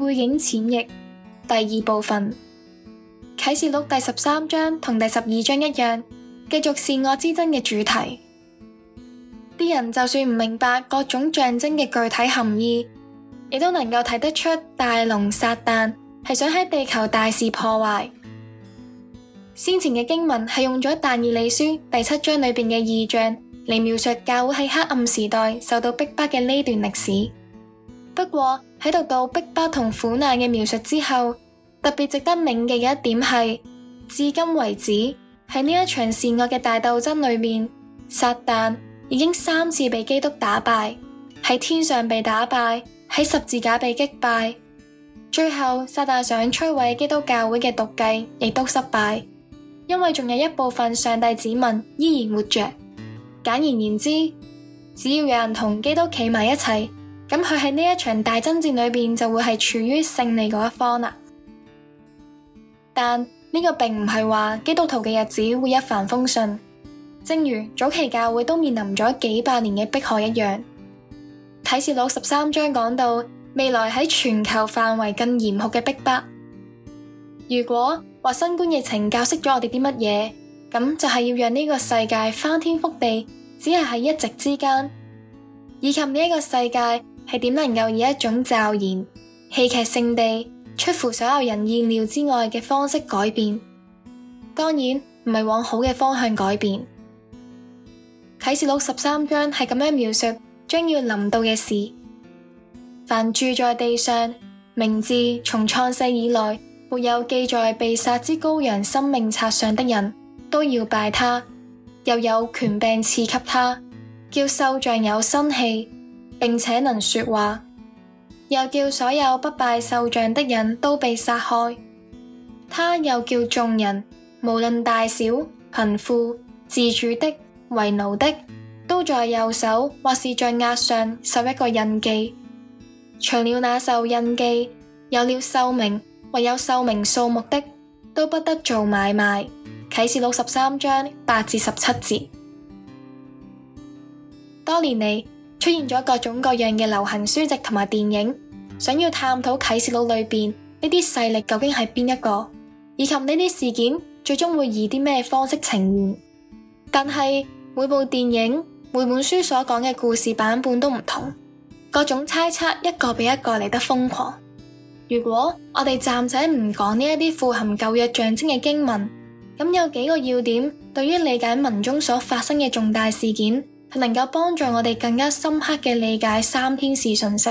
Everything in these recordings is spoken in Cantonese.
背景淺釋第二部分，啟示錄第十三章同第十二章一樣，繼續善惡之爭嘅主題。啲人就算唔明白各種象徵嘅具體含義，亦都能夠睇得出大龍撒旦係想喺地球大肆破壞。先前嘅經文係用咗但以理書第七章裏邊嘅異象嚟描述教會喺黑暗時代受到逼迫嘅呢段歷史，不過，喺讀到逼迫同苦難嘅描述之後，特別值得銘記嘅一點係，至今為止喺呢一場善惡嘅大鬥爭裏面，撒旦已經三次被基督打敗，喺天上被打敗，喺十字架被擊敗，最後撒旦想摧毀基督教會嘅毒計亦都失敗，因為仲有一部分上帝子民依然活着。簡而言之，只要有人同基督企埋一齊。咁佢喺呢一場大爭戰裏邊就會係處於勝利嗰一方啦。但呢個並唔係話基督徒嘅日子會一帆風順，正如早期教會都面臨咗幾百年嘅逼害一樣。啟示錄十三章講到未來喺全球範圍更嚴酷嘅逼迫。如果話新冠疫情教識咗我哋啲乜嘢，咁就係要讓呢個世界翻天覆地，只係喺一夕之間，以及呢一個世界係點能夠以一種驟然、戲劇性地出乎所有人意料之外嘅方式改變？當然唔係往好嘅方向改變。啟示錄十三章係咁樣描述將要臨到嘅事：凡住在地上、名字從創世以來沒有記在被殺之羔羊生命冊上的人，都要拜他，又有權柄賜給他，叫獸像有生氣。並且能說話，又叫所有不拜獸像的人都被殺害。他又叫眾人，無論大小、貧富、自主的、為奴的，都在右手或是在額上受一個印記。除了那受印記、有了獸名、或有獸名數目的，都不得做買賣。啟示錄十三章八至十七節。多年嚟。出現咗各種各樣嘅流行書籍同埋電影，想要探討啟示錄裏邊呢啲勢力究竟係邊一個，以及呢啲事件最終會以啲咩方式呈現。但係每部電影、每本書所講嘅故事版本都唔同，各種猜測一個比一個嚟得瘋狂。如果我哋暫時唔講呢一啲富含舊約象徵嘅經文，咁有幾個要點對於理解文中所發生嘅重大事件。佢能夠幫助我哋更加深刻嘅理解三天使信息。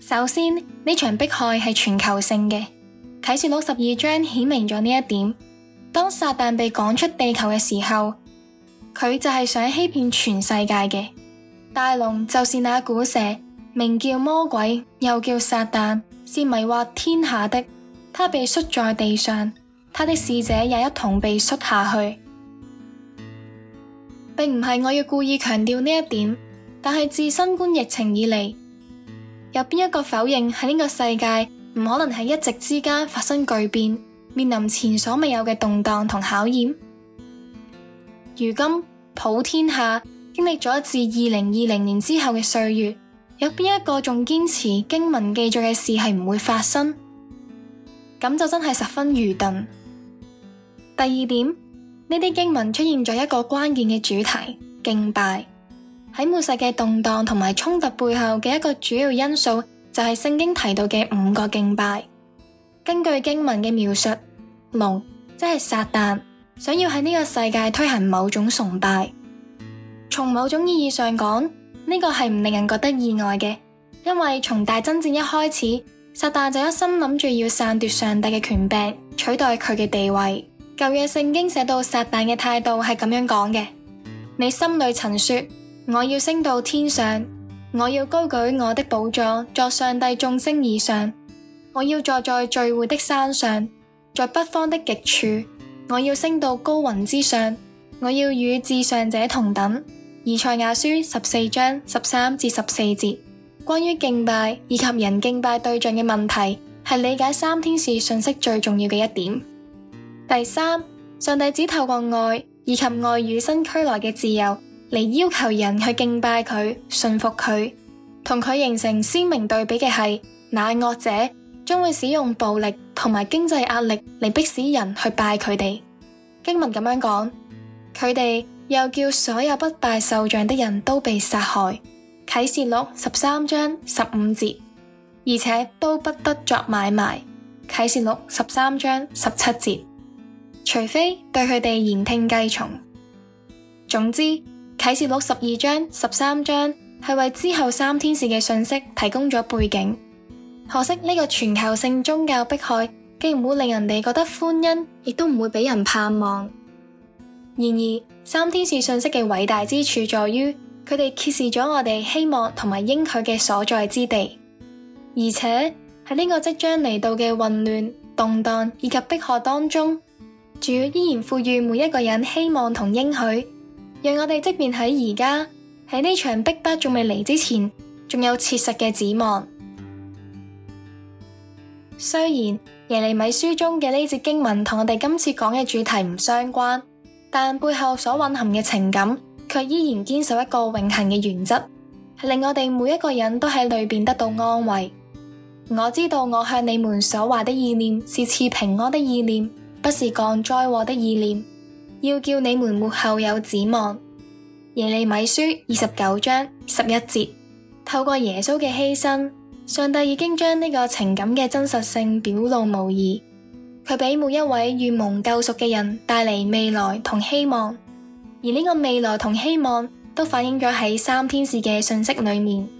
首先，呢場迫害係全球性嘅，啟示錄十二章顯明咗呢一點。當撒旦被趕出地球嘅時候，佢就係想欺騙全世界嘅。大龍就是那古蛇，名叫魔鬼，又叫撒旦，是迷惑天下的。他被摔在地上，他的使者也一同被摔下去。並唔係我要故意強調呢一點，但係自新冠疫情以嚟，有邊一個否認喺呢個世界唔可能喺一夕之間發生巨變，面臨前所未有嘅動盪同考驗？如今普天下經歷咗自二零二零年之後嘅歲月，有邊一個仲堅持經文記載嘅事係唔會發生？咁就真係十分愚鈍。第二點。呢啲經文出現咗一個關鍵嘅主題：敬拜。喺末世嘅動盪同埋衝突背後嘅一個主要因素，就係聖經提到嘅五個敬拜。根據經文嘅描述，龍，即係撒旦，想要喺呢個世界推行某種崇拜。從某種意義上講，呢、這個係唔令人覺得意外嘅，因為從大爭戰一開始，撒旦就一心諗住要散奪上帝嘅權柄，取代佢嘅地位。舊約聖經寫到撒旦嘅態度係咁樣講嘅：你心裏曾說，我要升到天上，我要高舉我的寶座，坐上帝眾星以上，我要坐在聚會的山上，在北方的極處，我要升到高雲之上，我要與至上者同等。以賽亞書十四章十三至十四節。關於敬拜以及人敬拜對象嘅問題，係理解三天使信息最重要嘅一點。第三，上帝只透過愛以及愛與生俱來嘅自由嚟要求人去敬拜佢，順服佢。同佢形成鮮明對比嘅係，乃惡者將會使用暴力同埋經濟壓力嚟迫使人去拜佢哋。經文咁樣講，佢哋又叫所有不拜受像的人都被殺害。啟示錄十三章十五節，而且都不得作買賣。啟示錄十三章十七節。除非對佢哋言聽計從。總之，啟示錄十二章、十三章係為之後三天使嘅信息提供咗背景。可惜呢個全球性宗教迫害既唔會令人哋覺得歡欣，亦都唔會俾人盼望。然而，三天使信息嘅偉大之處在於佢哋揭示咗我哋希望同埋應許嘅所在之地，而且喺呢個即將嚟到嘅混亂、動蕩以及迫害當中，主依然賦予每一個人希望同應許，讓我哋即便喺而家喺呢場逼迫仲未嚟之前，仲有切實嘅指望。雖然耶利米書中嘅呢節經文同我哋今次講嘅主題唔相關，但背後所蘊含嘅情感，卻依然堅守一個永恆嘅原則，係令我哋每一個人都喺裏邊得到安慰。我知道我向你們所話的意念，是賜平安的意念。不是降災禍的意念，要叫你們末後有指望。耶利米書二十九章十一節。透過耶穌嘅犧牲，上帝已經將呢個情感嘅真實性表露無遺。佢俾每一位願蒙救贖嘅人帶嚟未來同希望，而呢個未來同希望都反映咗喺三天使嘅信息裏面。